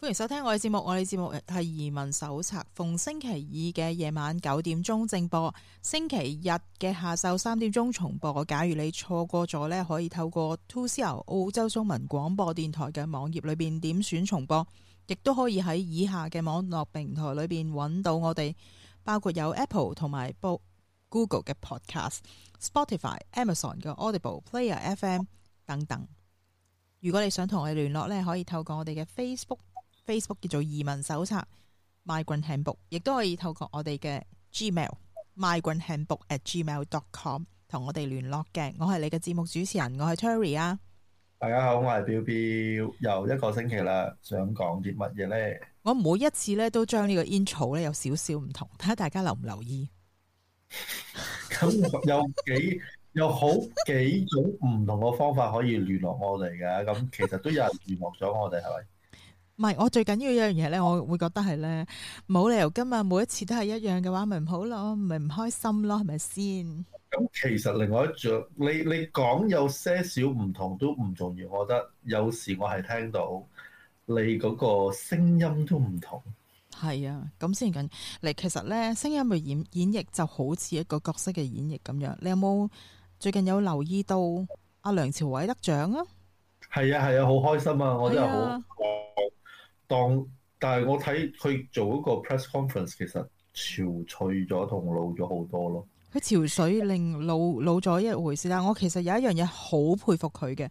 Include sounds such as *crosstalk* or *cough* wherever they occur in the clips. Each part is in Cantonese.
歡迎收聽我哋節目。我哋節目係移民手冊，逢星期二嘅夜晚九點鐘正播，星期日嘅下晝三點鐘重播。假如你錯過咗呢，可以透過2 C O 澳洲中文廣播電台嘅網頁裏邊點選重播，亦都可以喺以下嘅網絡平台裏邊揾到我哋，包括有 Apple 同埋 Google 嘅 Podcast、Spotify、Amazon 嘅 Audible、Player FM 等等。如果你想同我哋聯絡呢，可以透過我哋嘅 Facebook。Facebook 叫做移民手冊 Migration Handbook，亦都可以透過我哋嘅 Gmail Migration Handbook at Gmail dot com 同我哋聯絡嘅。我係你嘅節目主持人，我係 Tury 啊。大家好，我係 Bill Bill，又一個星期啦，想講啲乜嘢呢？我每一次咧都將呢個 intro 呢有少少唔同，睇下大家留唔留意。咁 *laughs* *laughs* 有幾，有好幾種唔同嘅方法可以聯絡我哋嘅。咁其實都有人聯絡咗我哋，係咪？唔係，我最緊要一樣嘢咧，我會覺得係咧，冇理由今日每一次都係一樣嘅話，咪唔好咯，咪唔開心咯，係咪先？咁其實另外一著，你你講有些少唔同都唔重要，我覺得有時我係聽到你嗰個聲音都唔同。係啊，咁先緊。嚟其實咧，聲音嘅演演繹就好似一個角色嘅演繹咁樣。你有冇最近有留意到阿梁朝偉得獎啊？係啊，係啊，好開心啊！我真係好。當但係我睇佢做嗰個 press conference，其實憔悴咗同老咗好多咯。佢憔悴令老老咗一回事啦。我其實有一樣嘢好佩服佢嘅，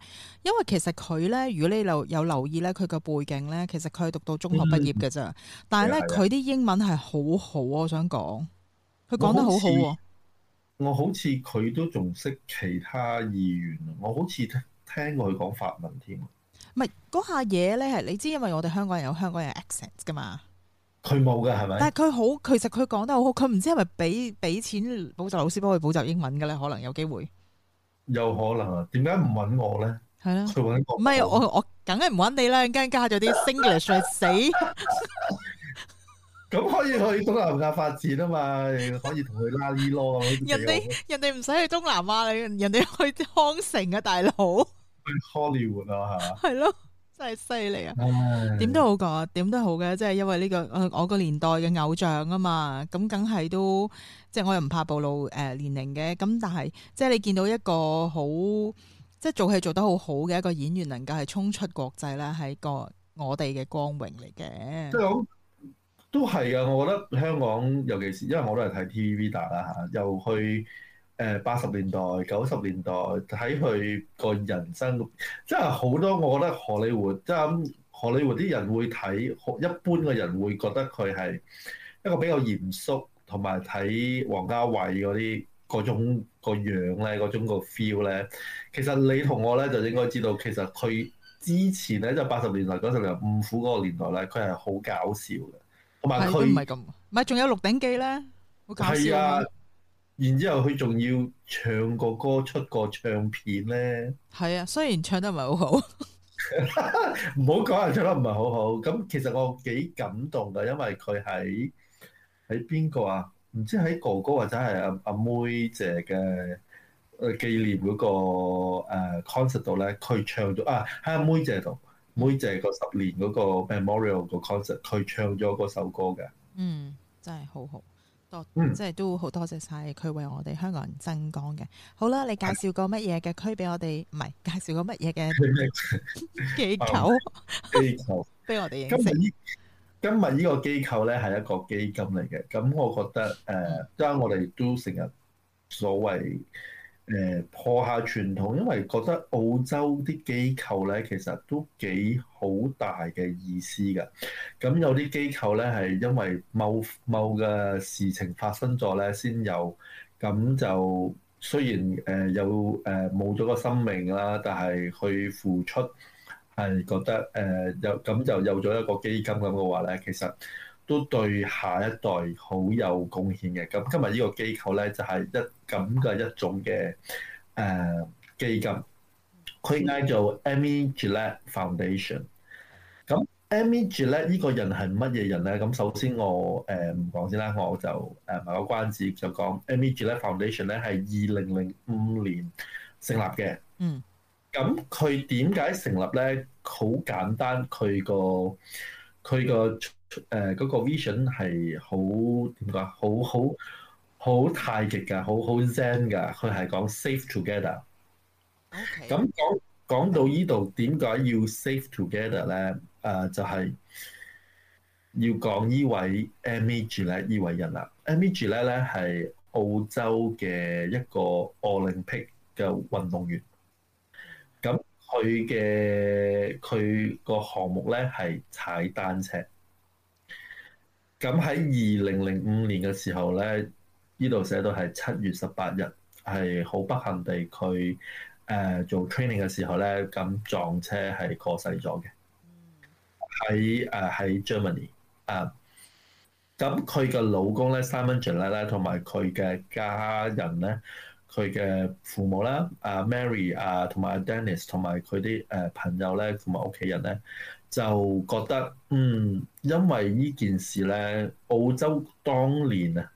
因為其實佢咧，如果你留有留意咧，佢個背景咧，其實佢係讀到中學畢業嘅啫。嗯、但係咧，佢啲的英文係好好，啊，我想講，佢講得好，啊，好。我好似佢都仲識其他語言，我好似聽聽過佢講法文添。唔係嗰下嘢咧，係你知，因為我哋香港人有香港人 accent 噶嘛。佢冇㗎係咪？但係佢好，其實佢講得好好。佢唔知係咪俾俾錢補習老師幫佢補習英文嘅咧？可能有機會。有可能啊？點解唔揾我咧？係啦，佢揾唔係我，我梗係唔揾你啦！一間加咗啲 Singlish 係死。咁可以去東南亞發展啊嘛？可以同佢拉啲囉。人哋人哋唔使去東南亞，你人哋去康城啊，大佬。去好萊塢啦，係嘛？係咯， *laughs* 真係犀利啊！點都好講啊，點都好嘅，即係因為呢、這個我個年代嘅偶像啊嘛，咁梗係都即係我又唔怕暴露誒年齡嘅，咁但係即係你見到一個好即係做戲做得好好嘅一個演員，能夠係衝出國際咧，係個我哋嘅光榮嚟嘅。即係都係啊，我覺得香港尤其是因為我都係睇 TVB 打啦又去。誒八十年代、九十年代睇佢個人生，真係好多。我覺得荷里活，即係荷里活啲人會睇，一般嘅人會覺得佢係一個比較嚴肅，同埋睇王家衛嗰啲嗰種個樣咧，嗰種個 feel 咧。其實你同我咧就應該知道，其實佢之前咧就八十年代、九十年代五虎嗰個年代咧，佢係好搞笑嘅，同埋佢唔係咁，唔係仲有《鹿鼎記》呢咧，好搞笑。然之後佢仲要唱個歌出個唱片咧，係啊，雖然唱得唔係好好，唔好講啊，唱得唔係好好。咁其實我幾感動噶，因為佢喺喺邊個啊？唔知喺哥哥或者係阿阿妹姐嘅紀念嗰個 concert 度咧，佢唱咗啊喺阿妹姐度，妹姐個十年嗰個 memorial 個 concert，佢唱咗嗰首歌嘅。嗯，真係好好。即係都好多謝晒佢為我哋香港人增光嘅。好啦,你介紹個乜嘢嘅區俾我哋？唔係介紹個乜嘢嘅機構？機構俾我哋。今日今日呢個機構咧係一個基金嚟嘅。咁我覺得誒,因、呃、我哋都成日所謂。誒破下傳統，因為覺得澳洲啲機構咧，其實都幾好大嘅意思㗎。咁有啲機構咧，係因為某某嘅事情發生咗咧，先有。咁就雖然誒有誒冇咗個生命啦，但係佢付出係覺得誒有，咁就有咗一個基金咁嘅話咧，其實。都對下一代好有貢獻嘅。咁今日呢個機構咧就係一咁嘅一種嘅誒基金，佢嗌做 Amy Gillett Foundation。咁 Amy Gillett 呢個人係乜嘢人咧？咁首先我誒唔講先啦，我就誒埋個關子就講 Amy Gillett Foundation 咧係二零零五年成立嘅。嗯。咁佢點解成立咧？好簡單，佢個佢個。誒，嗰個、uh, vision 係好點講，好好好太極噶，好好 Zen 噶。佢係講 safe together。咁講講到呢度，點解要 safe together 咧？誒，就係要講呢位 Amy Gillett 咧，呢位人啦。Amy Gillett 咧咧係澳洲嘅一個奧林匹克嘅運動員。咁佢嘅佢個項目咧係踩單車。咁喺二零零五年嘅時候咧，呢度寫到係七月十八日，係好不幸地佢誒、呃、做 training 嘅時候咧，咁撞車係過世咗嘅。喺誒喺 Germany 啊，咁佢嘅老公咧 Simon Gillett 同埋佢嘅家人咧，佢嘅父母啦啊 Mary 啊同埋 Dennis 同埋佢啲誒朋友咧同埋屋企人咧。就覺得嗯，因為呢件事咧，澳洲當年啊，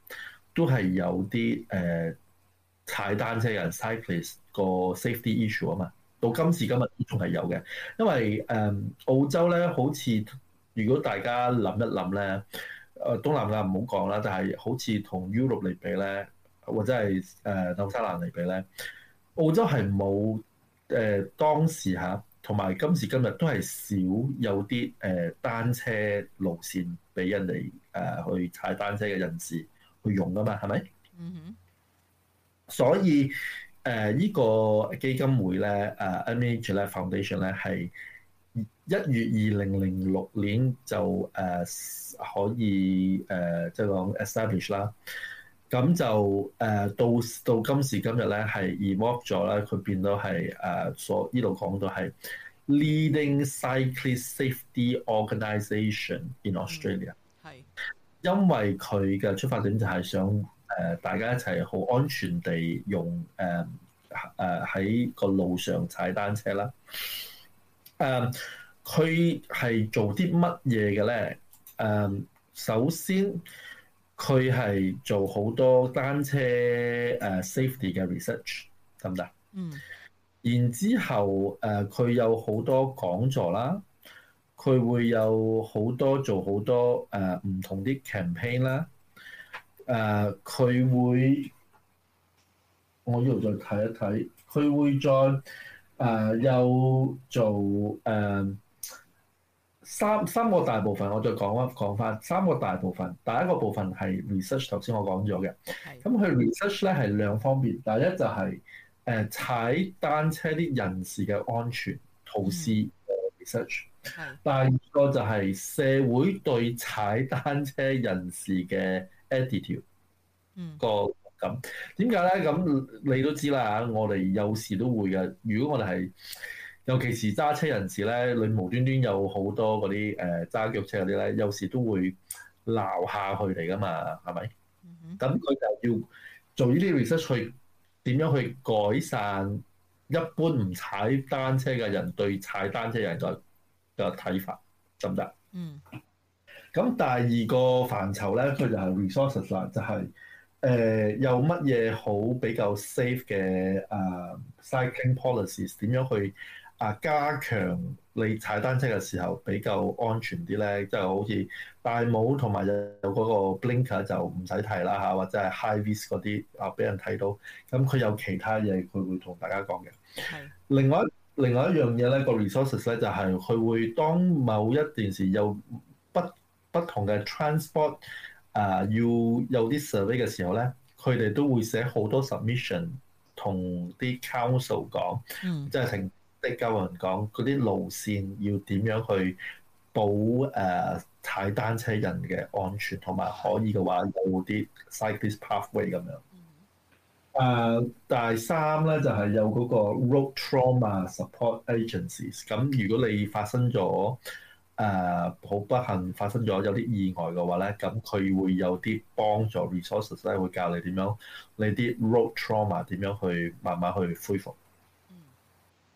都係有啲誒、呃、踩單車人 cyclist 個 safety issue 啊嘛，到今時今日都仲係有嘅。因為誒、呃、澳洲咧，好似如果大家諗一諗咧，誒、呃、東南亞唔好講啦，但係好似同 Europe 嚟比咧，或者係誒、呃、紐西蘭嚟比咧，澳洲係冇誒當時嚇。啊。同埋今時今日都係少有啲誒、呃、單車路線俾人哋誒、呃、去踩單車嘅人士去用啊嘛，係咪？嗯哼、mm。Hmm. 所以誒呢、呃這個基金會咧誒 Amy Gillett Foundation 咧係一月二零零六年就誒、呃、可以誒即係講 establish 啦。呃咁就誒、呃、到到今時今日咧，係 evolve 咗咧，佢變到係誒所依度講到係 leading cyclist safety organisation in Australia、嗯。係，因為佢嘅出發點就係想誒、呃、大家一齊好安全地用誒誒喺個路上踩單車啦。誒、呃，佢係做啲乜嘢嘅咧？誒、呃，首先。佢係做好多單車誒 safety 嘅 research 得唔得？嗯、mm.，然之後誒佢有好多講座啦，佢會有好多做好多誒唔、呃、同啲 campaign 啦，誒、呃、佢會，我依度再睇一睇，佢會再誒又、呃、做誒。呃三三個大部分，我再講翻講翻三個大部分。第一個部分係 research，頭先我講咗嘅。咁佢的 research 咧係兩方面，第一就係、是、誒、呃、踩單車啲人士嘅安全，圖示 research、嗯。第二個就係社會對踩單車人士嘅 attitude、嗯、個感。點解咧？咁你都知啦嚇，我哋有時都會嘅。如果我哋係尤其是揸、呃、車人士咧，你無端端有好多嗰啲誒揸腳車嗰啲咧，有時都會鬧下去嚟㗎嘛，係咪？咁佢、mm hmm. 嗯、就要做呢啲 research 去點樣去改善一般唔踩單車嘅人對踩單車嘅人嘅嘅睇法得唔得？嗯。咁、mm hmm. 第二個範疇咧，佢就係 research 上就係、是、誒、呃、有乜嘢好比較 safe 嘅誒、呃、cycling policies 點樣去？啊！加強你踩單車嘅時候比較安全啲咧，即係好似戴帽同埋有嗰個 blinker 就唔使睇啦嚇，或者係 high vis 嗰啲啊，俾人睇到。咁佢有其他嘢，佢會同大家講嘅。另外另外一樣嘢咧，個 resources 咧就係佢會當某一段時有不不同嘅 transport 啊、呃，要有啲 survey 嘅時候咧，佢哋都會寫好多 submission 同啲 council 講，即係、嗯、成。即教人講嗰啲路線要點樣去保誒、呃、踩單車人嘅安全，同埋可以嘅話有啲 cyclist pathway 咁樣。誒、嗯呃、第三咧就係、是、有嗰個 road trauma support agencies。咁如果你發生咗誒好不幸發生咗有啲意外嘅話咧，咁佢會有啲幫助 resources 咧，會教你點樣你啲 road trauma 點樣去慢慢去恢復。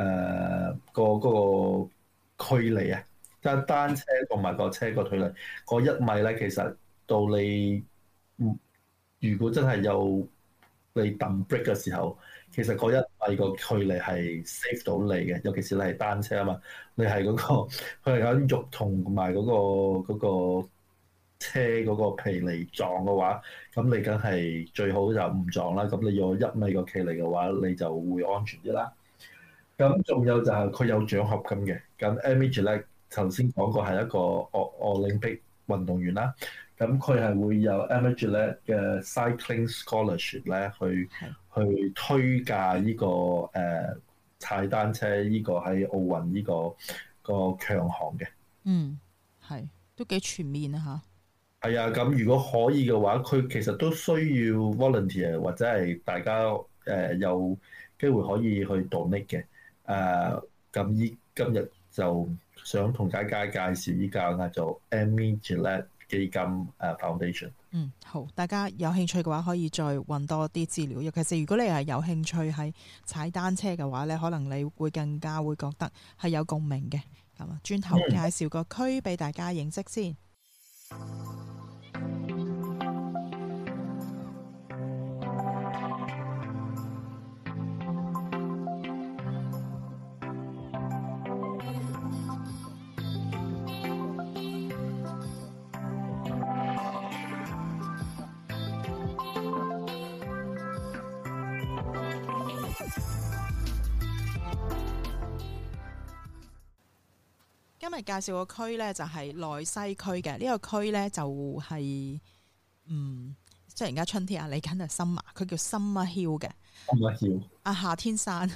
誒、uh, 個嗰個距離啊，即係單車同埋個車個距離，嗰一米咧，其實到你，嗯，如果真係有你揼 break 嘅時候，其實嗰一米個距離係 save 到你嘅，尤其是你係單車啊嘛，你係嗰、嗰個佢係有啲肉同埋嗰個嗰、嗰個車嗰個皮嚟撞嘅話，咁你梗係最好就唔撞啦。咁你有一米個距離嘅話，你就會安全啲啦。咁仲有就係佢有獎學金嘅。咁 Amy Gillett 頭先講過係一個奧奧林匹運動員啦。咁佢係會有 Amy Gillett 嘅 cycling scholarship 咧，去的去推介呢、這個誒、呃、踩單車呢個喺奧運呢、這個個強項嘅。嗯，係都幾全面啊！嚇。係啊，咁如果可以嘅話，佢其實都需要 volunteer 或者係大家誒、呃、有機會可以去度力嘅。誒，咁依今日就想同大家介紹依個嗌做 Amy Gillett 基金，誒 Foundation。嗯，好，大家有興趣嘅話可以再揾多啲資料。尤其是如果你係有興趣喺踩單車嘅話咧，可能你會更加會覺得係有共鳴嘅。咁啊，轉頭介紹個區俾大家認識先。嗯介紹個區咧就係、是、內西區嘅，呢、這個區咧就係、是、嗯即係而家春天啊你揀啊 Summer 佢叫 Summer Hill 嘅 Summer Hill 啊夏天山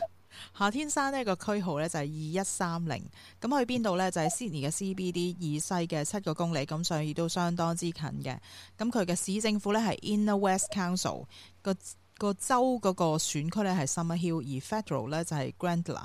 夏天山呢個區號咧就係二一三零。咁去邊度咧就係、是、Sydney 嘅 CBD 以西嘅七個公里，咁所以都相當之近嘅。咁佢嘅市政府咧係 Inner West Council，個個州嗰個選區咧係 Summer Hill，而 Federal 咧就係、是、Grayndler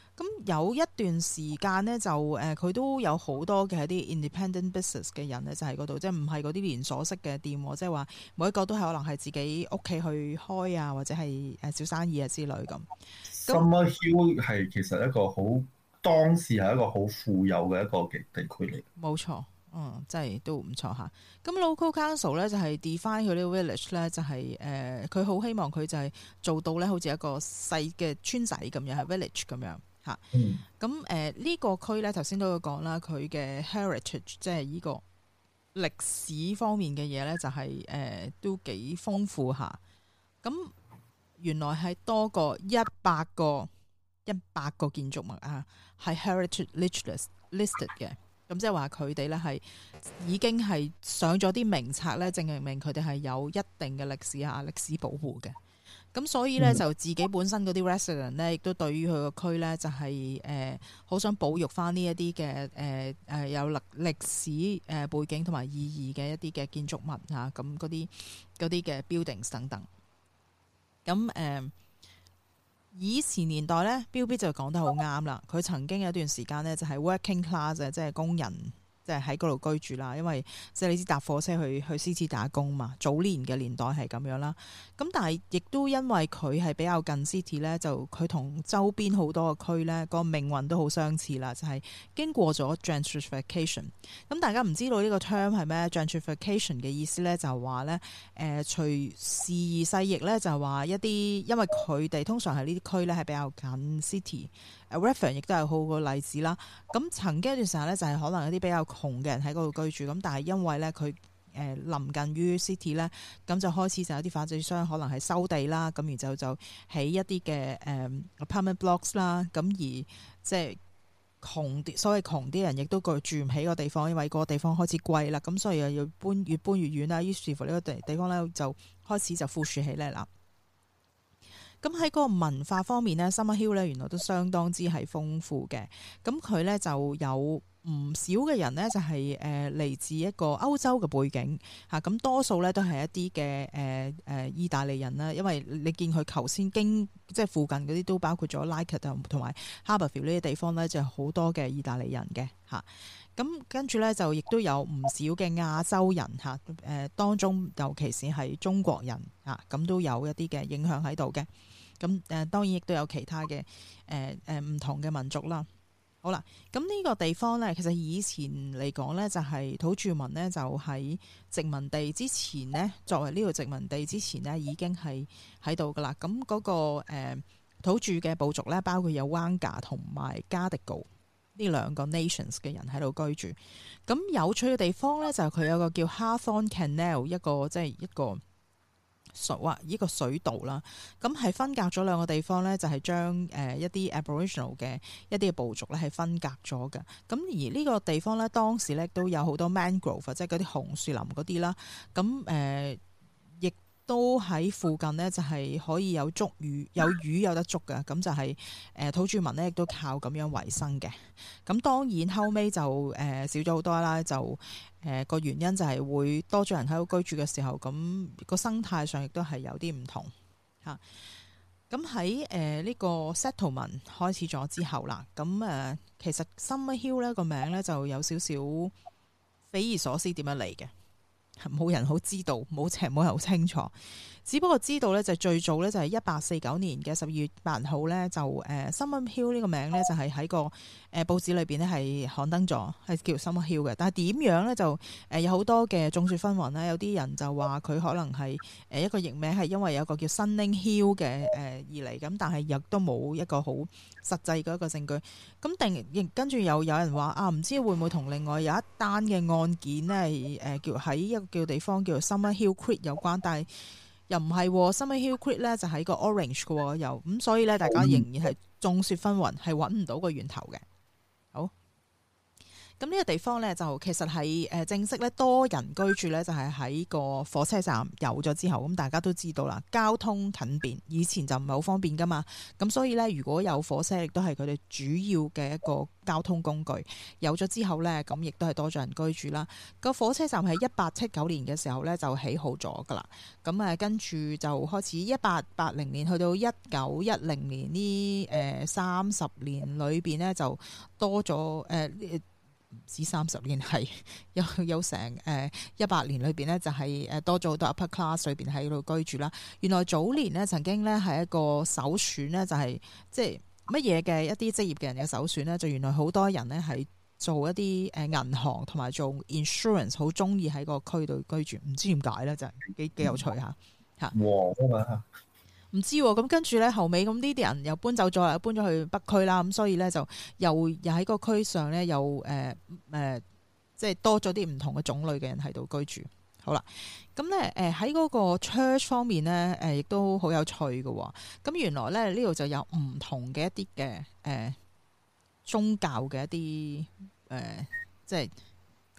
咁有一段時間咧，就誒佢、呃、都有好多嘅一啲 Independent Business 嘅人咧，就喺嗰度，即係唔係嗰啲連鎖式嘅店，即係話每一個都係可能係自己屋企去開啊，或者係誒小生意啊之類咁。Summer Hill 係其實一個好當時係一個好富有嘅一個嘅地區嚟，冇錯，嗯，真係都唔錯嚇。咁、啊、Local Council 咧就係 define 佢呢個 village 咧，就係誒佢好希望佢就係做到咧，好似一個細嘅村仔咁樣，係 village 咁樣。吓，咁誒呢個區咧，頭先都有講啦，佢嘅 heritage 即係呢個歷史方面嘅嘢咧，就係、是、誒、呃、都幾豐富吓。咁原來係多過一百個一百個建築物啊，係 heritage list, listed l i 嘅。咁即係話佢哋咧係已經係上咗啲名冊咧，證明佢哋係有一定嘅歷史啊，歷史保護嘅。咁所以咧，就自己本身嗰啲 resident 咧，亦都對於佢個區咧，就係誒好想保育翻呢一啲嘅、誒誒有歷歷史誒、呃、背景同埋意義嘅一啲嘅建築物嚇，咁嗰啲嗰啲嘅 buildings 等等。咁誒、呃、以前年代咧，Bill B 就講得好啱啦。佢曾經有段時間咧，就係、是、working class 即係工人。即係喺嗰度居住啦，因為即係你知搭火車去去 city 打工嘛，早年嘅年代係咁樣啦。咁但係亦都因為佢係比較近 city 咧，就佢同周邊好多個區咧，個命運都好相似啦。就係、是、經過咗 gentrification，咁大家唔知道呢個 term 係咩？gentrification 嘅意思咧就係話咧，誒、呃、隨時而世易咧，就係話一啲因為佢哋通常係呢啲區咧係比較近 city。Rafael 亦都係好個例子啦。咁曾經一段時候咧，就係、是、可能有啲比較窮嘅人喺嗰度居住。咁但係因為咧，佢誒、呃、臨近於 city 咧，咁就開始就有啲發展商可能係收地啦。咁然後就就起一啲嘅誒、嗯、apartment blocks 啦。咁而即係窮啲，所謂窮啲人亦都住唔起個地方，因為個地方開始貴啦。咁所以又要搬越搬越遠啦。於是乎呢個地地方咧就開始就富庶起嚟啦。咁喺個文化方面咧，Summer Hill 咧原來都相當之係豐富嘅。咁佢咧就有唔少嘅人咧，就係誒嚟自一個歐洲嘅背景嚇。咁多數咧都係一啲嘅誒誒意大利人啦，因為你見佢頭先經即係附近嗰啲都包括咗 Leichhardt 同埋 Haberfield 呢啲地方咧，就係、是、好多嘅意大利人嘅嚇。啊咁跟住咧就亦都有唔少嘅亞洲人嚇，誒當中尤其是係中國人嚇，咁都有一啲嘅影響喺度嘅。咁誒當然亦都有其他嘅誒誒唔同嘅民族啦。好啦，咁、這、呢個地方咧，其實以前嚟講咧，就係土著民咧，就喺殖民地之前咧，作為呢個殖民地之前咧，已經係喺度噶啦。咁、那、嗰個土著嘅部族咧，包括有灣加同埋加迪高。呢兩個 nations 嘅人喺度居住，咁有趣嘅地方咧就係、是、佢有個叫 Hathorn Canal 一個即係、就是、一,一個水啊，依個水道啦，咁係分隔咗兩個地方咧，就係將誒一啲 Aboriginal 嘅一啲嘅部族咧係分隔咗嘅，咁而呢個地方咧當時咧都有好多 mangrove 即係嗰啲紅樹林嗰啲啦，咁誒。呃都喺附近呢，就係、是、可以有捉魚，有魚有得捉噶，咁就係、是、誒、呃、土著民呢，亦都靠咁樣維生嘅。咁當然後尾就誒、呃、少咗好多啦，就誒個、呃、原因就係會多咗人喺度居住嘅時候，咁、那個生態上亦都係有啲唔同吓。咁喺誒呢個 settlement 開始咗之後啦，咁誒、呃、其實 s u m m e 個名呢，就有少少匪夷所思，點樣嚟嘅？冇人好知道，冇邪，冇人好清楚。只不過知道呢，就最早呢，就係一八四九年嘅十二月八號呢，就誒 Summer Hill 呢個名呢，就係喺個。誒報紙裏邊咧係刊登咗，係叫 Summer Hill 嘅。但係點樣咧就誒有好多嘅眾説紛紜咧，有啲人就話佢可能係誒、呃、一個譯名係因為有個叫 Sunning Hill 嘅誒而嚟咁，但係亦都冇一個好實際嘅一個證據。咁定亦跟住又有人話啊，唔知會唔會同另外有一單嘅案件咧係、呃、叫喺一個叫地方叫做 Summer Hill Creek 有關，但係又唔係、哦、Summer Hill Creek 咧就喺、是、個 Orange 嘅、哦、又咁，所以咧大家仍然係眾説紛紜，係揾唔到個源頭嘅。咁呢個地方咧就其實係誒正式咧多人居住咧就係喺個火車站有咗之後，咁大家都知道啦，交通近便，以前就唔係好方便噶嘛。咁所以咧，如果有火車，亦都係佢哋主要嘅一個交通工具。有咗之後咧，咁亦都係多咗人居住啦。個火車站係一八七九年嘅時候咧就起好咗噶啦。咁誒跟住就開始一八八零年去到一九一零年呢，誒三十年裏邊咧就多咗誒。呃唔止三十年，係有有成誒一百年裏邊咧，就係誒多咗好多 upper class 裏邊喺度居住啦。原來早年咧，曾經咧係一個首選咧，就係即係乜嘢嘅一啲職業嘅人嘅首選咧，就原來好多人咧係做一啲誒銀行同埋做 insurance，好中意喺個區度居住。唔知點解咧，就幾幾有趣嚇嚇。嗯啊唔知喎、啊，咁跟住咧後尾，咁呢啲人又搬走咗，又搬咗去北區啦，咁所以咧就又又喺個區上咧又誒誒、呃呃，即係多咗啲唔同嘅種類嘅人喺度居住。好啦，咁咧誒喺嗰個 church 方面咧誒、呃，亦都好有趣嘅、啊。咁原來咧呢度就有唔同嘅一啲嘅誒宗教嘅一啲誒、呃，即係。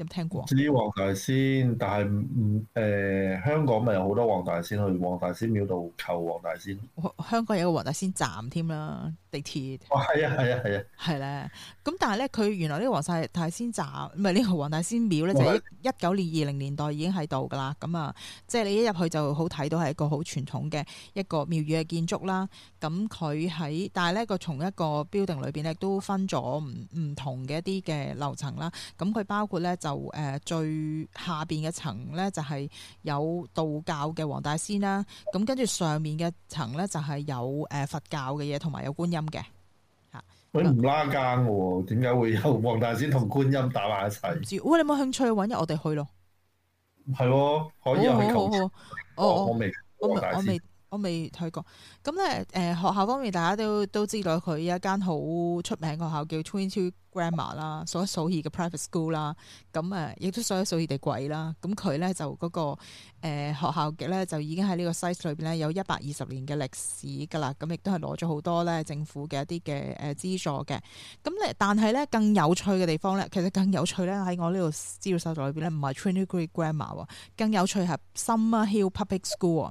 有，有聽過。知黃大仙，但係唔、呃、香港咪有好多黃大仙去黃大仙廟度求黃大仙。香港有個黃大仙站添啦，地鐵。哦，係啊，係啊，係啊。係咧，咁但係咧，佢原來呢個黃大仙站，唔係、哦的嗯、呢個、這個黃大仙廟咧，哦、就係一九年二零年代已經喺度噶啦。咁、嗯、啊，即、就、係、是、你一入去就好睇到係一個好傳統嘅一個廟宇嘅建築啦。咁佢喺，但係咧個從一個 building 裏邊咧都分咗唔唔同嘅一啲嘅樓層啦。咁、嗯、佢包括咧就誒，最下邊嘅層咧就係有道教嘅黃大仙啦，咁跟住上面嘅層咧就係有誒佛教嘅嘢，同埋有觀音嘅吓。佢唔、欸、拉更嘅、啊，點解會有黃大仙同觀音打埋一齊？唔知，喂、哦，你有冇興趣揾日我哋去咯？係、 *noise* *noise* 哦，可以去求哦好好。哦，我未，黃大我未睇過咁咧。誒、呃、學校方面，大家都都知道佢一間好出名嘅學校叫 Twenty Two Grammar 啦，數一數二嘅 private school 啦。咁啊，亦都數一數二地貴啦。咁佢咧就嗰、那個誒、呃、學校嘅咧，就已經喺呢個 size 裏邊咧有一百二十年嘅歷史㗎啦。咁、啊、亦都係攞咗好多咧政府嘅一啲嘅誒資助嘅。咁、啊、咧，但係咧更有趣嘅地方咧，其實更有趣咧喺我呢度資料搜索裏邊咧，唔係 Twenty Two Grammar，更有趣係 Summer Hill Public School。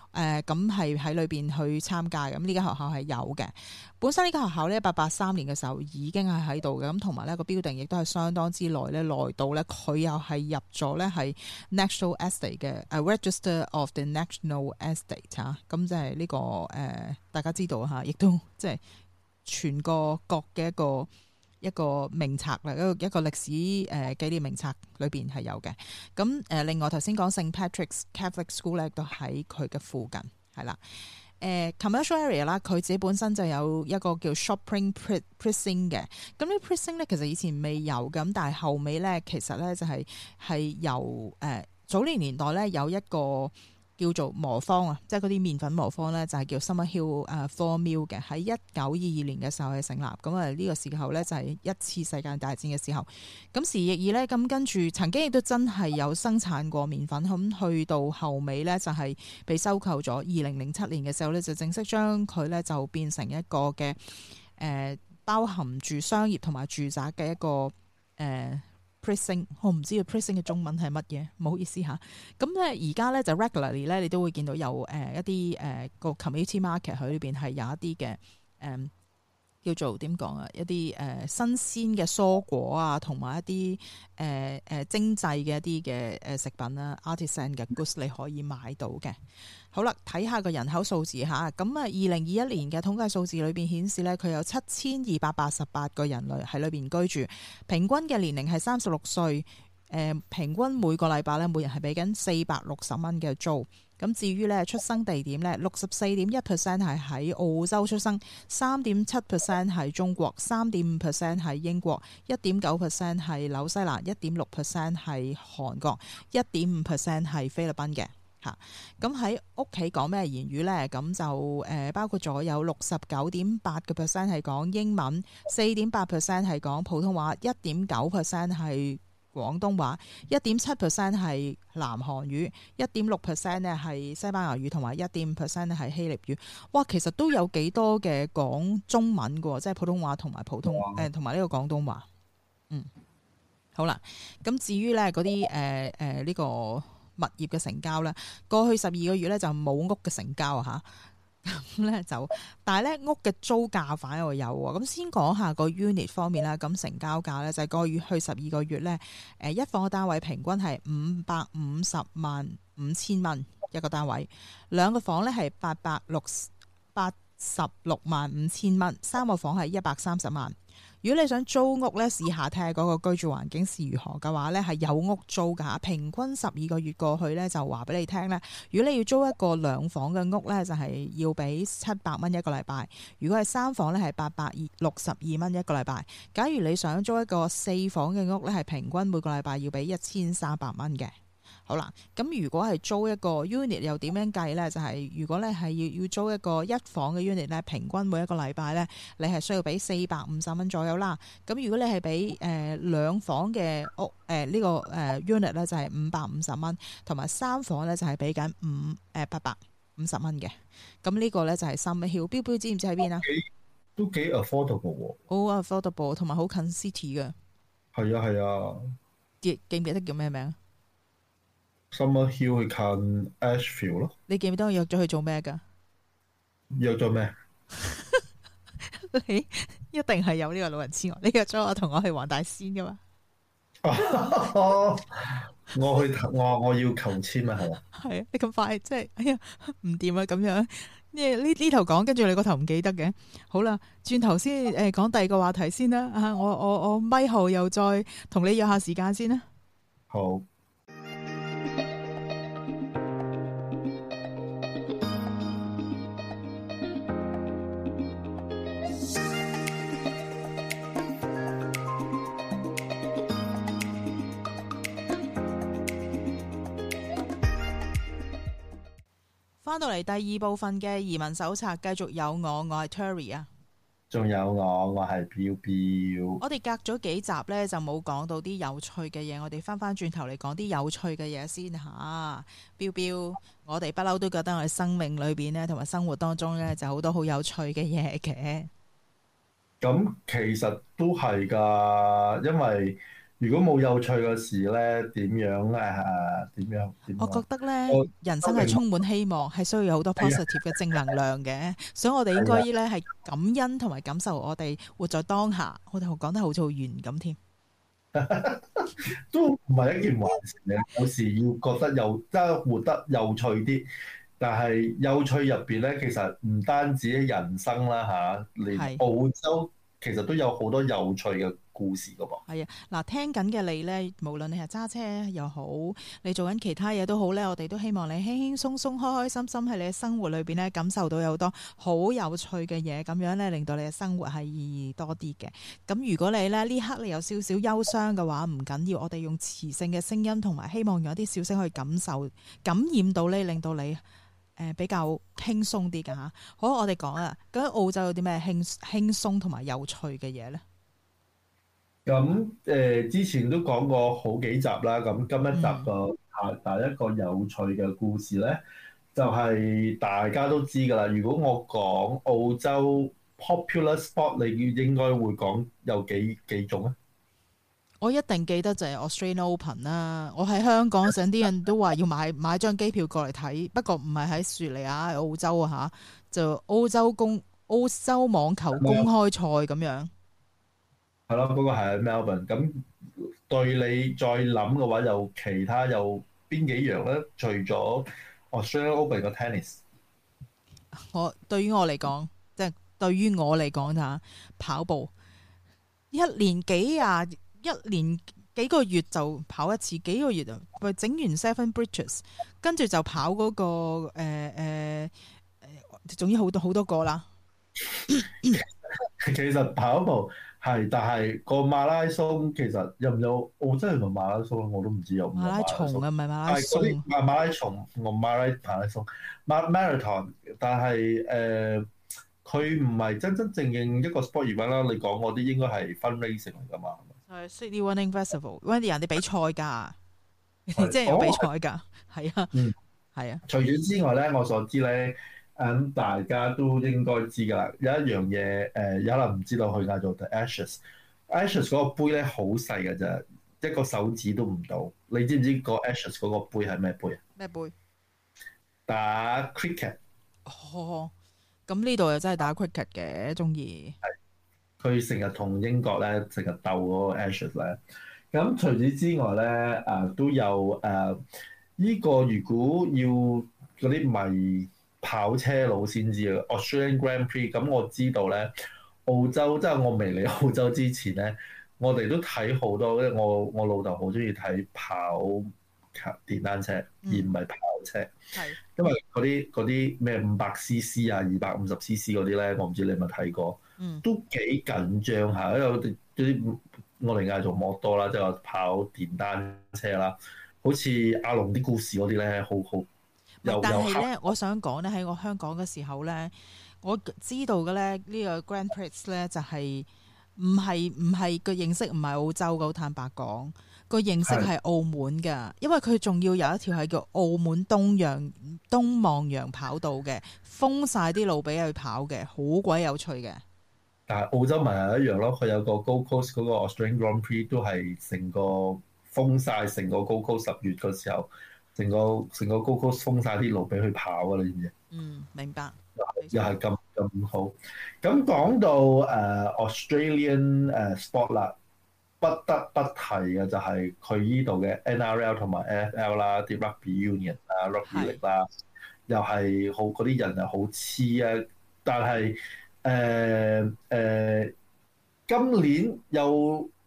誒咁係喺裏邊去參加咁呢間學校係有嘅。本身呢間學校咧，一八八三年嘅時候已經係喺度嘅。咁同埋咧個 building 亦都係相當之耐咧，耐到咧佢又係入咗咧係 National Estate 嘅，誒、呃、Register of the National Estate 啊。咁就係呢、這個誒、呃，大家知道嚇，亦、啊、都即係全個國嘅一個。一個名冊啦，一個一個歷史誒紀念名冊裏邊係有嘅。咁誒，另外頭先講 Saint Patrick's Catholic School 咧，都喺佢嘅附近，係啦。誒、uh, commercial area 啦，佢自己本身就有一個叫 shopping precinct 嘅。咁呢 precinct 咧，其實以前未有咁，但係後尾咧，其實咧就係、是、係由誒、uh, 早年年代咧有一個。叫做磨坊啊，即係嗰啲麵粉磨坊呢，就係、是、叫 Summer Hill 誒 Flour Mill 嘅，喺一九二二年嘅時候係成立，咁啊呢個時候呢，就係、是、一次世界大戰嘅時候，咁時亦而呢，咁跟住曾經亦都真係有生產過麵粉，咁去到後尾呢，就係、是、被收購咗。二零零七年嘅時候呢，就正式將佢呢，就變成一個嘅誒、呃、包含住商業同埋住宅嘅一個誒。呃 pressing 我、哦、唔知佢 pressing 嘅中文係乜嘢，唔好意思吓。咁咧而家咧就 regularly 咧，你都會見到有誒、呃、一啲誒、呃、個 community market 佢裏邊係有一啲嘅誒。呃叫做點講啊？一啲誒、呃、新鮮嘅蔬果啊，同埋一啲誒誒精製嘅一啲嘅誒食品啦、啊、 *music* ，artisan 嘅 goods 你可以買到嘅。好啦，睇下個人口數字嚇，咁啊，二零二一年嘅統計數字裏邊顯示咧，佢有七千二百八十八個人類喺裏邊居住，平均嘅年齡係三十六歲，誒、呃、平均每個禮拜咧，每人係俾緊四百六十蚊嘅租。咁至於咧，出生地點咧，六十四點一 percent 係喺澳洲出生，三點七 percent 係中國，三點五 percent 係英國，一點九 percent 係紐西蘭，一點六 percent 係韓國，一點五 percent 係菲律賓嘅嚇。咁喺屋企講咩言語咧？咁就誒包括咗有六十九點八嘅 percent 係講英文，四點八 percent 係講普通話，一點九 percent 係廣東話，一點七 percent 係南韓語，一點六 percent 咧，係西班牙語，同埋一點五 percent 係希臘語。哇，其實都有幾多嘅講中文嘅喎，即係普通話同埋普通誒同埋呢個廣東話。嗯，好啦，咁至於咧嗰啲誒誒呢、呃呃呢個物業嘅成交咧，過去十二個月咧就冇屋嘅成交啊嚇。咁咧就， *laughs* 但係咧屋嘅租價反而有喎。咁先講下個 unit 方面啦。咁成交價咧就係過去十二個月咧，誒一房嘅單位平均係五百五十萬五千蚊一個單位，兩個房咧係八百六十八十六萬五千蚊，三個房係一百三十萬。如果你想租屋咧，試下睇下嗰個居住環境是如何嘅話咧，係有屋租㗎。平均十二個月過去咧，就話俾你聽咧。如果你要租一個兩房嘅屋咧，就係要俾七百蚊一個禮拜；如果係三房咧，係八百二六十二蚊一個禮拜。假如你想租一個四房嘅屋咧，係平均每個禮拜要俾一千三百蚊嘅。好啦，咁如果係租一個 unit 又點樣計咧？就係、是、如果咧係要要租一個一房嘅 unit 咧，平均每一個禮拜咧，你係需要俾四百五十蚊左右啦。咁如果你係俾誒兩房嘅屋誒呢、這個誒 unit 咧，就係五百五十蚊，同埋三房咧就係俾緊五誒八百五十蚊嘅。咁、這、呢個咧就係 Summer Hill 標標，知唔知喺邊、哦、啊？都幾 affordable 好 affordable，同埋好近 city 嘅。係啊，係啊，記記唔記得叫咩名？Summer Hill 去看 Ashfield 咯，你記唔記得我約咗去做咩噶？約咗咩？ *laughs* 一定係有呢個老人痴呆，你約咗我同我去黃大仙噶嘛？ *laughs* *laughs* 我去，我我要求簽 *laughs* *laughs* 啊，係嘛？係你咁快，即係哎呀，唔掂啊！咁樣，呢呢呢頭講，跟住你個頭唔記得嘅。好啦，轉頭先，誒，講第二個話題先啦。啊，我我我咪號又再同你約下時間先啦。好。翻到嚟第二部分嘅移民手冊，繼續有我，我係 Tury 啊，仲有我，我係彪彪。我哋隔咗幾集咧，就冇講到啲有趣嘅嘢。Biu Biu，我哋翻翻轉頭嚟講啲有趣嘅嘢先吓，彪彪，我哋不嬲都覺得我哋生命裏邊咧，同埋生活當中咧，就好多好有趣嘅嘢嘅。咁其實都係噶，因為。如果冇有趣嘅事咧，點樣咧？點樣？我覺得咧，人生係充滿希望，係需要有好多 positive 嘅正能量嘅，所以我哋應該咧係感恩同埋感受我哋活在當下。我哋講得好似好完咁添，都唔係一件壞事嘅。有時要覺得又得活得有趣啲，但係有趣入邊咧，其實唔單止人生啦，嚇嚟澳洲其實都有好多有趣嘅。故事噶喎，係啊！嗱，聽緊嘅你呢，無論你係揸車又好，你做緊其他嘢都好呢，我哋都希望你輕輕鬆鬆、開開心心喺你嘅生活裏邊呢，感受到有好多好有趣嘅嘢，咁樣呢，令到你嘅生活係意義多啲嘅。咁如果你呢，呢刻你有少少憂傷嘅話，唔緊要，要，我哋用磁性嘅聲音同埋，希望用一啲笑聲去感受、感染到呢，令到你、呃、比較輕鬆啲嘅吓。好，我哋講啊，咁澳洲有啲咩輕輕鬆同埋有趣嘅嘢呢？咁誒、呃、之前都講過好幾集啦，咁今一集個下第一個有趣嘅故事咧，嗯、就係大家都知㗎啦。如果我講澳洲 popular sport，r 你應該會講有幾幾種啊？我一定記得就係 Australian Open 啦。我喺香港成啲人都話要買買張機票過嚟睇，不過唔係喺敘利亞啊，喺澳洲啊嚇，就澳洲公澳洲網球公開賽咁樣。 *laughs* 係啦，不過係 Melbourne，咁對你再諗嘅話，有其他有邊幾樣咧？除咗我 Australian Open 個 tennis，我對於我嚟講，即、就、係、是、對於我嚟講嚇跑步，一年幾啊，一年幾個月就跑一次，幾個月啊，喂，整完 Seven Bridges，跟住就跑嗰、那個誒誒誒，總之好多好多個啦。 *coughs* *coughs* 其實跑步。係，但係個馬拉松其實有唔有澳洲人嘅馬拉松我都唔知有,有馬。馬拉松啊，唔係馬,、啊、馬拉松。係嗰啲馬拉松我馬拉馬拉松，馬馬拉松。但係誒，佢唔係真真正正一個 sport event 啦。你講嗰啲應該係 fun race 嚟㗎嘛？係 City Running Festival，Running 人哋比賽㗎，即係 *laughs* 是 *laughs* 有比賽㗎，係、哦嗯、 *laughs* 啊，係啊。除咗之外咧，我所知咧。咁、嗯、大家都應該知噶啦，有一樣嘢誒，有啲人唔知道佢嗌做 The Ashes。Ashes 嗰個杯咧好細嘅啫，一個手指都唔到。你知唔知個 Ashes 嗰個杯係咩杯啊？咩杯？打 cricket？哦，咁呢度又真係打 cricket 嘅，中意。係佢成日同英國咧，成日鬥嗰個 Ashes 咧。咁、嗯、除此之外咧，啊、呃、都有誒呢、呃這個。如果要嗰啲迷。跑車佬先知啊！Australian Grand Prix 咁我知道咧，澳洲即係、就是、我未嚟澳洲之前咧，我哋都睇好多。我我老豆好中意睇跑電單車，嗯、而唔係跑車。係是因為嗰啲啲咩五百 CC 啊、二百五十 CC 嗰啲咧，我唔知你有冇睇過，嗯、都幾緊張下。因為我哋我哋嗌做摩多啦，即係話跑電單車啦，好似阿龍啲故事嗰啲咧，好好。但係咧，有我想講咧，喺我香港嘅時候咧，我知道嘅咧，呢個 Grand Prix 咧就係唔係唔係個認識唔係澳洲嘅，坦白講，個認識係澳門嘅，的因為佢仲要有一條係叫澳門東洋東望洋跑道嘅，封晒啲路俾佢跑嘅，好鬼有趣嘅。但係澳洲咪係一樣咯，佢有個 Go Coast 嗰個 Australian Grand Prix 都係成個封晒，成個 Go Coast 十月嘅時候。成個成個 google 封晒啲路俾佢跑啊！你知唔知？嗯，明白。又係咁咁好。咁講到誒、uh, Australian 誒、uh, sport 啦，不得不提嘅就係佢依度嘅 NRL 同埋 FL 啦，啲 Rugby Union 啊，Rugby League 啦，啦是又係好嗰啲人又好黐啊！但係誒誒今年又～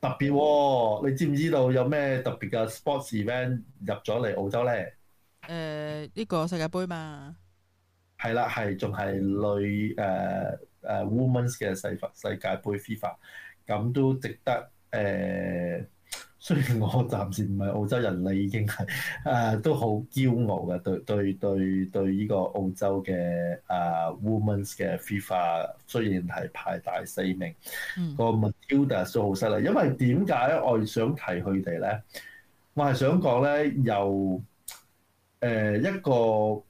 特別、哦，你知唔知道有咩特別嘅 sports event 入咗嚟澳洲咧？誒、呃，呢、這個世界盃嘛，係啦，係仲係女誒誒、呃呃、women 嘅世世界盃，FIFA，咁都值得誒。呃雖然我暫時唔係澳洲人咧，你已經係誒、啊、都好驕傲嘅，對對對對，呢個澳洲嘅誒、啊、Women's 嘅 FIFA，雖然係排第四名，嗯、個 Matilda 都好犀利。因為點解我想提佢哋咧？我係想講咧，由誒、呃、一個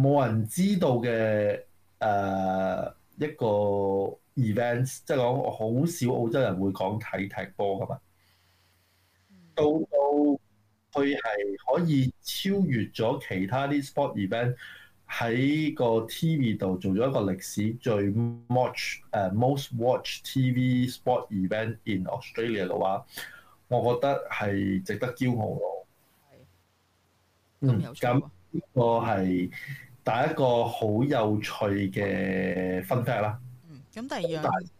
冇人知道嘅誒、呃、一個 event，即係講好少澳洲人會講睇踢波噶嘛。到到佢係可以超越咗其他啲 sport event 喺個 TV 度做咗一個歷史最 watch 誒、uh, most watch TV sport event in Australia 嘅話，我覺得係值得驕傲咯。嗯，咁呢個係第一個好有趣嘅 fun fact 啦。嗯，咁第二樣。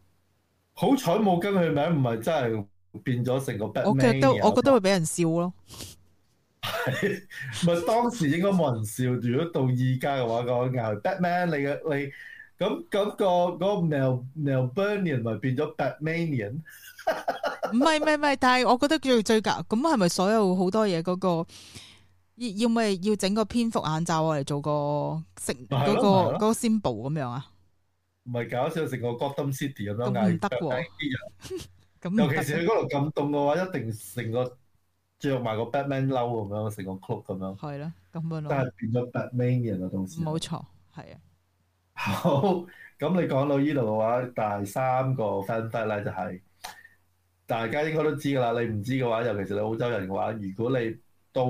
好彩冇跟佢名，唔係真係變咗成個 Batman。我覺得，我覺得會俾人笑咯。係 *laughs* 咪當時應該冇人笑。如果到而家嘅話，講嗌 Batman，你嘅你咁咁、嗰個嗰、嗰個 Melbourne Melbournian 咪變咗 Batman *laughs* 。唔係唔係唔係，但係我覺得叫要最加。咁係咪所有好多嘢嗰、嗰個要要咪要整個蝙蝠眼罩嚟做個成嗰、嗰個嗰個 symbol 咁樣啊？唔係搞笑，成個 Gotham City 咁樣嗌，啲、啊、人，啊、 *laughs* 尤其是佢嗰度咁凍嘅話，一定成個着埋個 Batman 褸咁樣，成個 cloak 咁樣，係啦，咁樣咯。但係變咗 Batman 嘅人啊，當時。冇錯，係啊。好，咁你講到呢度嘅話，第三個分法咧就係、是，大家應該都知噶啦。你唔知嘅話，尤其是你澳洲人嘅話，如果你到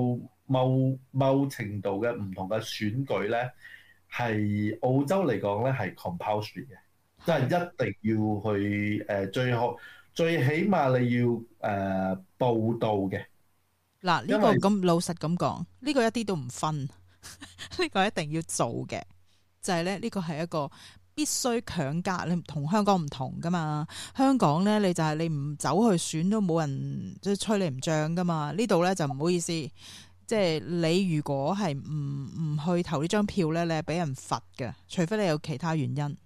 某某程度嘅唔同嘅選舉咧。係澳洲嚟講咧，係 compulsory 嘅，即係一定要去誒、呃，最好最起碼你要誒、呃、報道嘅。嗱、這個，呢個咁老實咁講，呢、這個一啲都唔分，呢 *laughs* 個一定要做嘅，就係、是、咧，呢、這個係一個必須強格，你同香港唔同噶嘛。香港咧，你就係你唔走去選都冇人即係催你唔漲噶嘛。呢度咧就唔好意思。即係你如果係唔唔去投呢張票咧，你係俾人罰嘅，除非你有其他原因。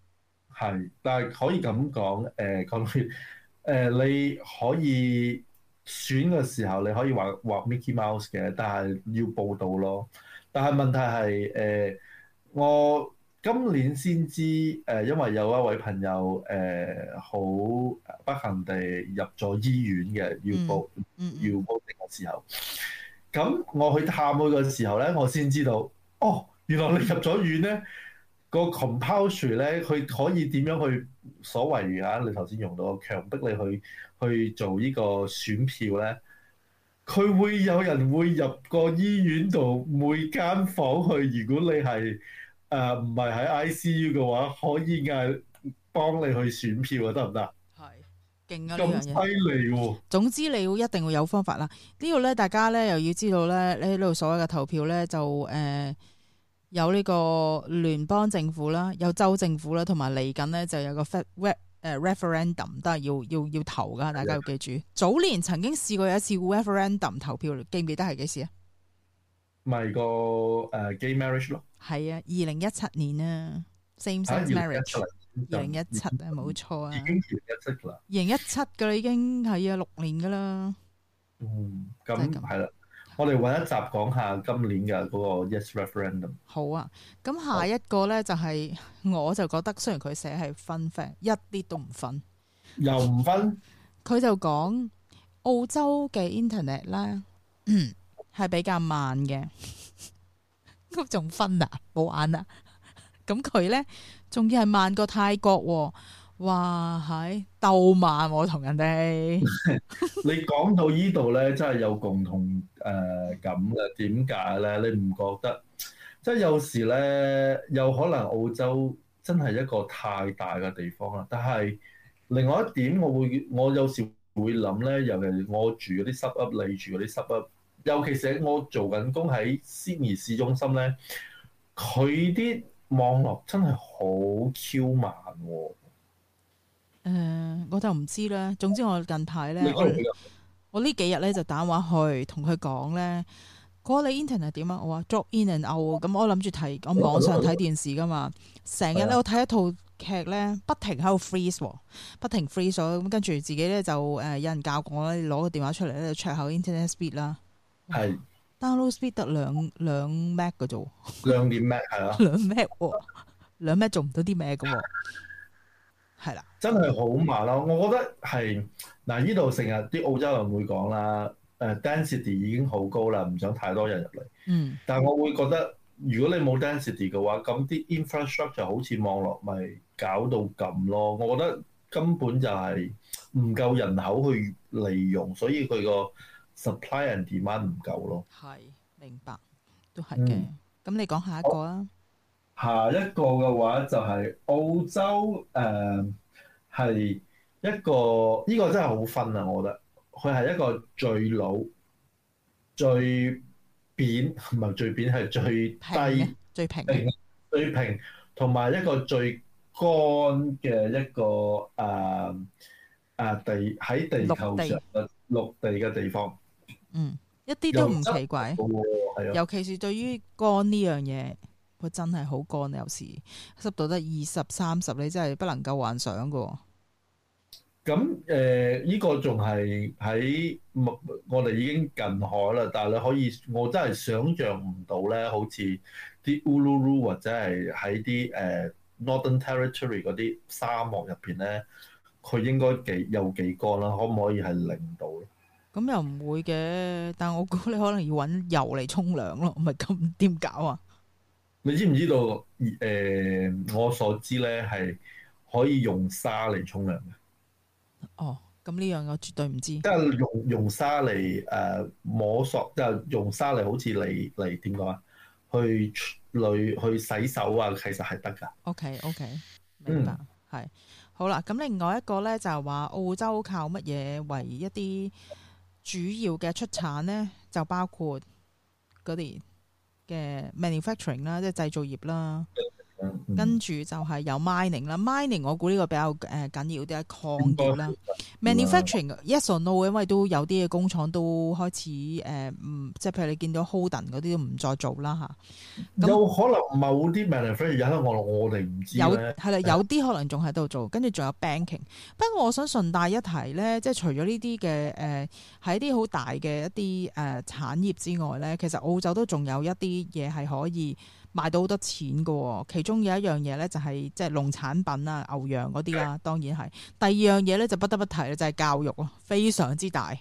係，但係可以咁講，誒、呃，講、呃、起你可以選嘅時候，你可以畫畫 Mickey Mouse 嘅，但係要報到咯。但係問題係，誒、呃，我今年先知，誒、呃，因為有一位朋友誒，好、呃、不幸地入咗醫院嘅，要報、嗯、嗯嗯要報到嘅時候。咁我去探佢嘅時候咧，我先知道，哦，原來你入咗院咧，個 compulsory 咧，佢可以點樣去所謂嚇、啊？你頭先用到強迫你去去做呢個選票咧，佢會有人會入個醫院度每間房去，如果你係誒唔係喺 ICU 嘅話，可以嗌幫你去選票啊，得唔得？勁啊呢樣嘢，咁犀利，總之你要一定會有方法啦。呢度咧，大家咧又要知道咧，你呢度所有嘅投票咧，就誒、呃、有呢個聯邦政府啦，有州政府啦，同埋嚟緊呢就有個 ref 誒 referendum 都係要要要投噶。大家要記住，的早年曾經試過有一次 referendum 投票，記唔記得係幾時啊？咪個誒、uh, gay marriage 咯，係啊，二零一七年啊，same sex marriage。啊二零一七啊，冇錯就啊，二零一七啦，二零一七噶啦，已經係啊六年噶啦、嗯。嗯，咁係啦，嗯、我哋搵一集講下今年嘅嗰個 Yes Referendum。好啊，咁下一個咧就係、是，哦、我就覺得雖然佢寫係分一啲都唔分，又唔分。佢 *laughs* 就講澳洲嘅 Internet 咧，係 *coughs* 比較慢嘅，我 *laughs* 仲分啊，冇眼啊，咁佢咧。仲要係慢過泰國、哦，哇！喺鬥慢我同人哋。 *laughs* 你講到呢度咧，真係有共同誒感嘅。點解咧？你唔覺得？即係有時咧，有可能澳洲真係一個太大嘅地方啦。但係另外一點，我會我有時會諗咧，尤其我住嗰啲 Suburb，你住嗰啲 Suburb，尤其是我做緊工喺悉尼市中心咧，佢啲。網絡真係好超慢喎、哦。誒、呃，我就唔知啦。總之我近排咧、呃，我幾呢幾日咧就打電話去同佢講咧，哥你 internet 點啊？我話 drop in and out，咁我諗住睇我網上睇電視噶嘛，成日咧我睇一套劇咧，不停喺度 freeze、哦、不停 freeze 咗、哦，咁跟住自己咧就誒、呃、有人教過我咧，攞個電話出嚟咧，check 下 internet speed 啦。download speed 得兩兩 Mbps 嘅啫，兩點 Mbps 係咯，兩 Mbps，兩 Mbps *laughs* *laughs* 做唔到啲咩嘅，係 *laughs* 啦了，真係好麻咯。我覺得係嗱，呢度成日啲澳洲人會講啦，誒、呃、density 已經好高啦，唔想太多人入嚟。嗯，但係我會覺得如果你冇 density 嘅話，咁啲 infrastructure 就好似網絡咪搞到咁咯。我覺得根本就係唔夠人口去利用，所以佢個。Supply and demand 唔夠咯，係明白，都係嘅。咁、嗯、你講下一個啊？下一個嘅話就係澳洲，誒、呃、係一個呢、這個真係好 fun 啊！我覺得佢係一個最老、最扁唔係最扁係最低最、最平、最平同埋一個最乾嘅一個誒誒、呃啊、地喺地球上嘅陸地嘅地，地方。嗯，一啲都唔奇怪，哦、尤其是對於乾呢樣嘢，佢真係好乾，有時濕度得二十三十，你真係不能夠幻想噶、哦。咁誒，呢、呃呢個仲係喺我哋已經近海啦，但係你可以，我真係想象唔到咧，好似啲烏魯魯或者係喺啲誒 Northern Territory 嗰啲沙漠入邊咧，佢應該幾有幾乾啦？可唔可以係零度咧？咁又唔會嘅，但我估你可能要揾油嚟沖涼咯，唔係咁點搞啊？你知唔知道？誒、呃，我所知咧係可以用沙嚟沖涼嘅。哦，咁呢樣我絕對唔知。即係用用沙嚟誒、呃、摸索，即係用沙嚟好似嚟嚟點講啊？去去去洗手啊，其實係得㗎。OK OK，明白。係、嗯、好啦，咁另外一個咧就係、是、話澳洲靠乜嘢為一啲？主要嘅出產呢，就包括嗰啲嘅 manufacturing 啦，即係製造業啦。 *noise* 跟住就係有 mining 啦、嗯、，mining 我估呢個比較誒、呃、緊要啲，抗業啦。礦業 manufacturing yes or no，因為都有啲嘅工廠都開始誒、嗯、呃，即係譬如你見到 Holden 嗰啲都唔再做啦吓。啊、有可能某啲 manufacturing 引得我那，我哋唔知係啦，有啲可能仲喺度做，跟住仲有 banking。不過我想順帶一提咧，即係除咗呢啲嘅誒、喺、呃、一啲好大嘅一啲誒、呃、產業之外咧，其實澳洲都仲有一啲嘢係可以。賣到好多錢嘅喎、哦，其中有一樣嘢咧就係、是、即係農產品啊、牛羊嗰啲啦，當然係。第二樣嘢咧就不得不提咧，就係、是、教育咯，非常之大。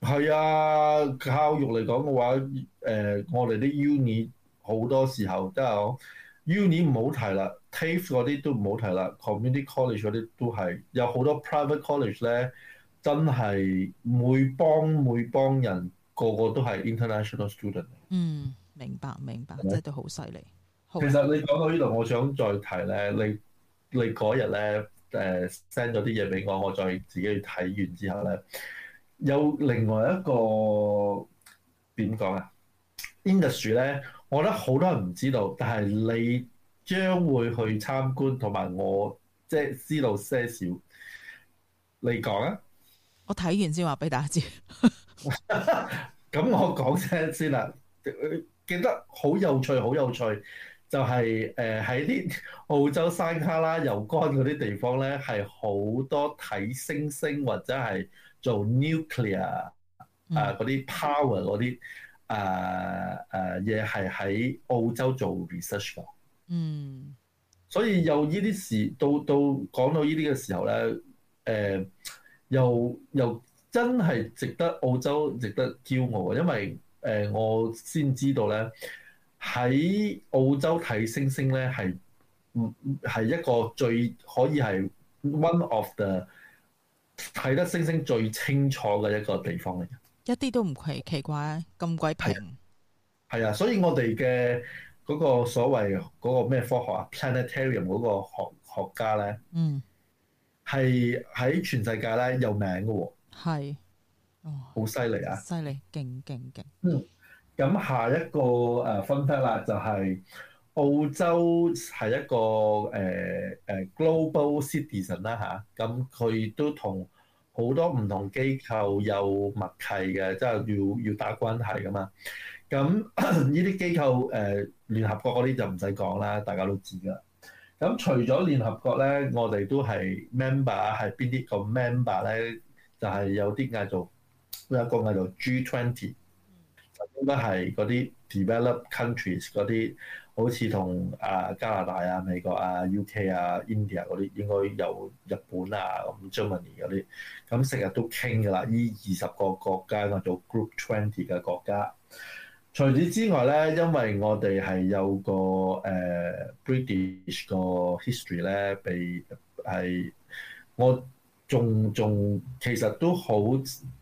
係啊，教育嚟講嘅話，誒、呃，我哋啲 uni 好多時候都係、就是、uni 唔好提啦，tafe 嗰啲都唔好提啦，community college 嗰啲都係有好多 private college 咧，真係每幫每幫人個個都係 international student。嗯。明白明白，真係都好犀利。其實你講到呢度，我想再提咧，你你嗰日咧，誒 send 咗啲嘢俾我，我再自己去睇完之後咧，有另外一個點講啊？Industry 咧，我覺得好多人唔知道，但係你將會去參觀，同埋我即係知道些少。你講啊？我睇完先話俾大家知。咁 *laughs* *laughs* 我講先先啦。 *laughs* 記得好有趣，好有趣，就係誒喺啲澳洲山卡拉、油乾嗰啲地方咧，係好多睇星星或者係做 nuclear 啊、呃、嗰啲 power 嗰啲啊啊嘢係喺澳洲做 research 嘅。嗯，所以又呢啲事到到講到呢啲嘅時候咧，誒、呃、又又真係值得澳洲值得驕傲嘅，因為。誒、呃，我先知道咧，喺澳洲睇星星咧，係唔係一個最可以係 one of the 睇得星星最清楚嘅一個地方嚟嘅。一啲都唔奇怪奇怪啊，咁鬼平。係啊，啊，所以我哋嘅嗰個所謂嗰個咩科學啊，Planetarium 嗰個學，學家咧，嗯，係喺全世界咧有名嘅喎、啊。係。好犀利啊！犀利，勁勁勁。嗯，咁下一個誒 fun fact 啦，就係、是、澳洲係一個誒誒、uh, uh, global citizen 啦吓，咁、啊、佢都同好多唔同機構有默契嘅，即、就、係、是、要要打關係噶嘛。咁呢啲機構誒，聯、uh, 合國嗰啲就唔使講啦，大家都知噶。咁除咗聯合國咧，我哋都係 member 啊，係邊啲個 member 咧，就係、是、有啲嗌做。有一個叫做 G 二十，應該係嗰啲 developed countries 嗰啲，好似同啊加拿大啊美國啊 U.K. 啊 India 嗰啲，應該有日本啊咁 Germany 嗰啲，咁成日都傾㗎啦。呢二十個國家叫做 Group Twenty 嘅國家，除此之外咧，因為我哋係有個誒、呃、British 個 history 咧，被係我仲仲其實都好。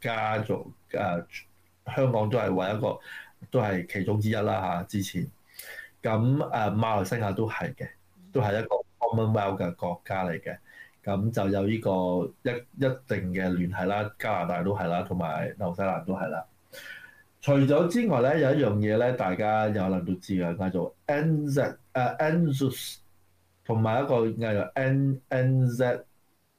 家族誒、啊、香港都係為一個都係其中之一啦嚇、啊，之前咁誒、啊、馬來西亞都係嘅，都係一個 Commonwealth 嘅國家嚟嘅，咁就有呢個一一定嘅聯繫啦。加拿大都係啦，同埋紐西蘭都係啦。除咗之外咧，有一樣嘢咧，大家有可能都知嘅，叫做 NZ 誒、啊、NZ 同埋一個嗌做 NNZ。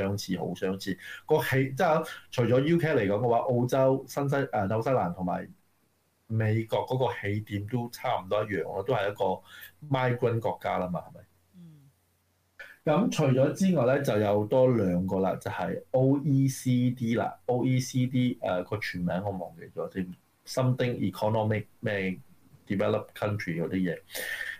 相似好相似、嗰個起，即係除咗 UK 嚟講嘅話，澳洲、新西誒紐西蘭同埋美國嗰個起點都差唔多一樣咯，都係一個 migration 國家啦嘛，係咪、嗯？咁除咗之外咧，就有多兩個啦，就係、是、OECD 啦，OECD 誒、呃、個全名我忘記咗先，Something Economic 咩 Developed Country 嗰啲嘢。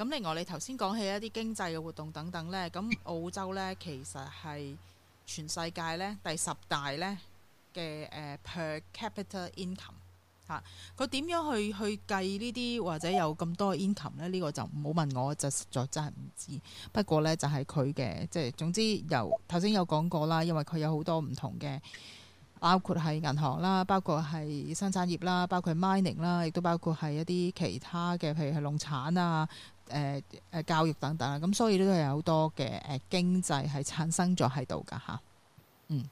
咁另外你頭先講起一啲經濟嘅活動等等呢。咁澳洲呢，其實係全世界呢第十大呢嘅誒 per capita income 嚇。佢、啊、點樣去去計呢啲或者有咁多嘅 income 呢？呢、呢個就唔好問我，就實在真係唔知。不過呢，就係佢嘅，即係總之由頭先有講過啦，因為佢有好多唔同嘅，包括係銀行啦，包括係生產業啦，包括 mining 啦，亦都包括係一啲其他嘅，譬如係農產啊。誒誒，教育等等啦，咁所以呢度有好多嘅誒經濟係產生咗喺度噶吓，嗯。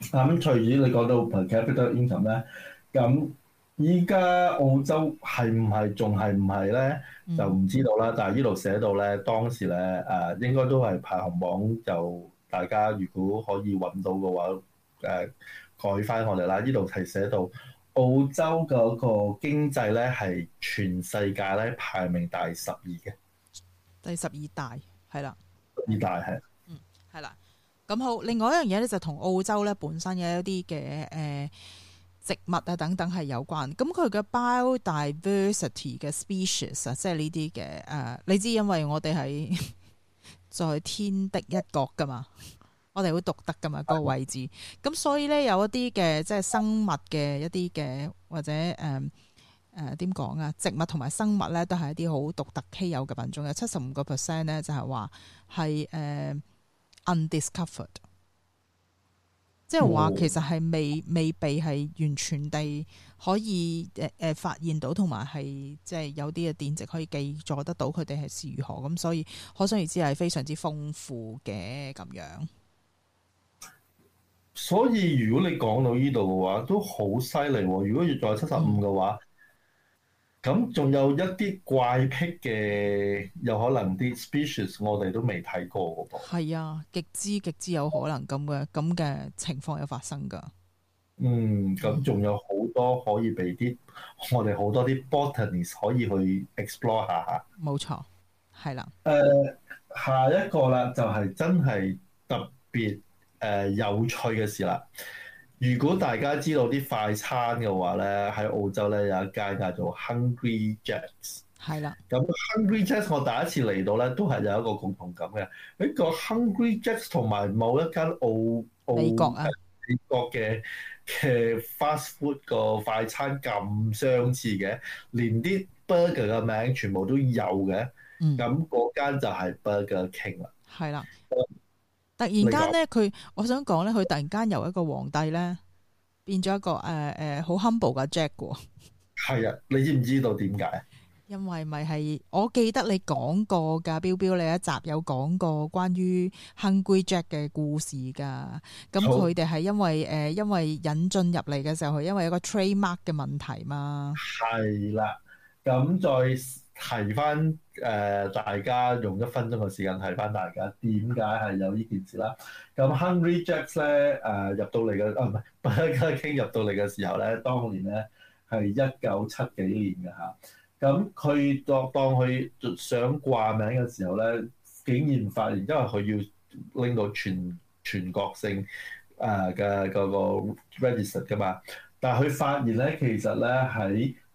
咁除住你講到 per capita income 咧，咁依家澳洲係唔係仲係唔係咧？就唔知道啦。嗯、但係呢度寫到咧，當時咧誒、啊，應該都係排行榜就大家如果可以揾到嘅話，誒、啊、改翻我哋啦。呢度係寫到。澳洲嗰個經濟咧，係全世界咧排名第十二嘅，第十二大，係啦，第二大係，嗯，係啦。咁好，另外一樣嘢咧，就同澳洲咧本身有一啲嘅誒植物啊等等係有關。咁佢嘅 biodiversity 嘅 species 啊，即係呢啲嘅誒，你知因為我哋喺在天的一角㗎嘛。我哋會獨特噶嘛？個位置咁，嗯、所以咧有一啲嘅即係生物嘅一啲嘅或者誒誒點講啊？植物同埋生物咧都係一啲好獨特稀有嘅品種。有七十五個 percent 咧，就係、是、話係誒、呃、undiscovered，即係話其實係未未被係完全地可以誒誒、呃呃、發現到，同埋係即係有啲嘅典籍可以記載得到佢哋係如何咁，所以可想而知係非常之豐富嘅咁樣。所以如果你講到呢度嘅話，都好犀利喎！如果要再七十五嘅話，咁仲、嗯、有一啲怪癖嘅，有可能啲 species 我哋都未睇過嘅噃、個。係啊，極之極之有可能咁嘅咁嘅情況有發生㗎。嗯，咁仲有好多可以俾啲我哋好多啲 botanist 可以去 explore 下下。冇錯，係啦。誒、呃，下一個啦，就係、是、真係特別。誒、呃、有趣嘅事啦！如果大家知道啲快餐嘅話咧，喺澳洲咧有一間叫做 Hungry Jacks，係啦。咁的 Hungry Jacks 我第一次嚟到咧，都係有一個共同感嘅。誒個 Hungry Jacks 同埋某一間澳澳美國、啊呃、美國嘅嘅 fast food 個快餐咁相似嘅，連啲 burger 嘅名全部都有嘅。嗯，咁嗰間就係 Burger King 啦。係啦的。嗯。突然間咧，佢我想講咧，佢突然間由一個皇帝咧變咗一個誒誒好 humble 嘅 Jack 喎。係啊，你知唔知道點解？因為咪係，我記得你講過噶，Bill Bill，你一集有講過關於 Hungry Jack 嘅故事噶。咁佢哋係因為誒好、呃，因為引進入嚟嘅時候，係因為一個 trademark 嘅問題嘛。係啦、啊，咁再。提翻誒，大家用一分鐘嘅時間提翻大家點解係有呢件事啦。咁 Hungry Jack's 咧，誒入到嚟嘅，唔、啊、係不 *laughs* 傾入到嚟嘅時候咧，當年咧係一九七幾年嘅嚇。咁佢作當佢想掛名嘅時候咧，竟然發現因為佢要拎到全全國性誒嘅嗰個 register 嘅嘛，但係佢發現咧其實咧喺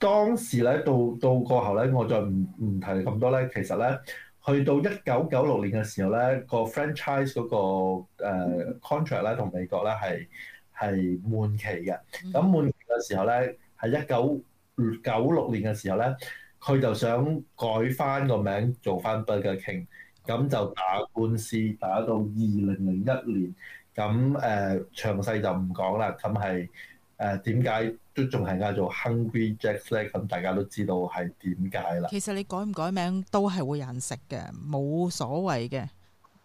當時咧，到到過後咧，我再唔唔提咁多咧。其實咧，去到一九九六年嘅時候咧，個 franchise 嗰個誒 contract 咧同美國咧係係滿期嘅。咁滿期嘅時候咧，係一九九六年嘅時候咧，佢就想改翻個名做翻 Burger King，咁就打官司打到二零零一年。咁誒詳細就唔講啦。咁係誒點解？都仲係嗌做 Hungry Jacks 咧，咁大家都知道係點解啦。其實你改唔改名都係會有人食嘅，冇所謂嘅。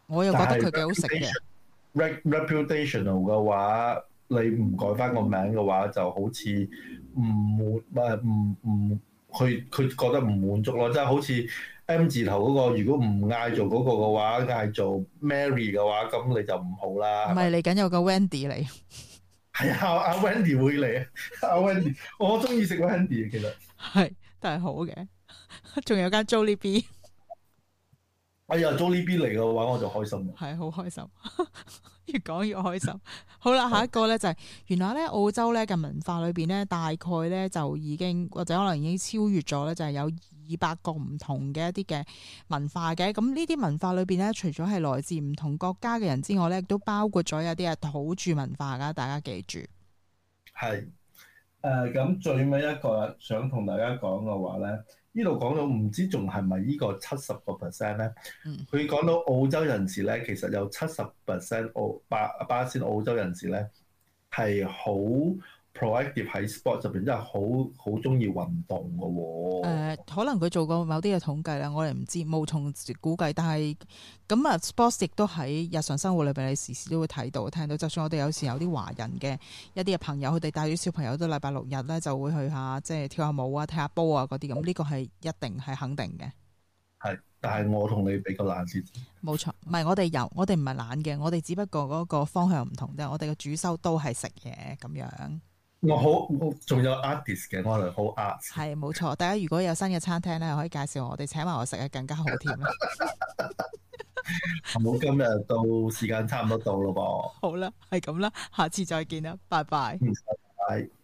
我又覺得佢幾是好食嘅。Reputational re 嘅話，你唔改翻個名嘅話，就好似唔滿誒，唔唔，佢佢覺得唔滿足咯。即係好似 M 字頭嗰個，如果唔嗌做嗰個嘅話，嗌做 Mary 嘅話，咁你就唔好啦。唔係嚟緊有個 Wendy 嚟。 *laughs* 係、哎、啊，阿 Wendy 會嚟啊，阿 Wendy， *laughs* 我中意食 Wendy，其實係都係好嘅，仲有間 Jollibee， *laughs* 哎呀，Jollibee 嚟嘅話我就開心啦，係，好開心， *laughs* 越講越開心。 *laughs* 好啦，下一個咧就係、是， *laughs* 原來咧澳洲咧嘅文化裏邊咧，大概咧就已經或者可能已經超越咗咧，就係、是、有。二百個唔同嘅一啲嘅文化嘅，咁呢啲文化裏邊咧，除咗係來自唔同國家嘅人之外咧，亦都包括咗有啲係土著文化㗎，大家記住。係，誒、呃、咁最尾一個想同大家講嘅話咧，呢度講到唔知仲係咪呢個七十個 percent 咧？佢講、嗯、到澳洲人士咧，其實有七十 percent 澳巴巴仙澳洲人士咧係好 provide 喺 sport 入邊真係好好中意運動噶喎、哦呃。可能佢做過某啲嘅統計啦，我哋唔知冇從估計。但係咁、嗯、啊，sports 亦都喺日常生活裏邊，你時時都會睇到聽到。就算我哋有時有啲華人嘅一啲嘅朋友，佢哋帶住小朋友都禮拜六日咧，就會去下即係跳下舞啊、踢下波啊嗰啲咁。呢、這個係一定係肯定嘅。係，但係我同你比較懶先冇錯，唔係我哋有，我哋唔係懶嘅，我哋只不過嗰個方向唔同啫。我哋嘅主修都係食嘢咁樣。我好，仲哇、嗯、有 artist 嘅，我係好 art。係，冇錯。大家如果有新嘅餐廳咧，可以介紹我，我哋請埋我食啊，更加好添。好， *laughs* *laughs* 今日到時間差唔多到咯噃。 *laughs* 好啦，係咁啦，下次再見啦，拜拜。嗯，拜拜。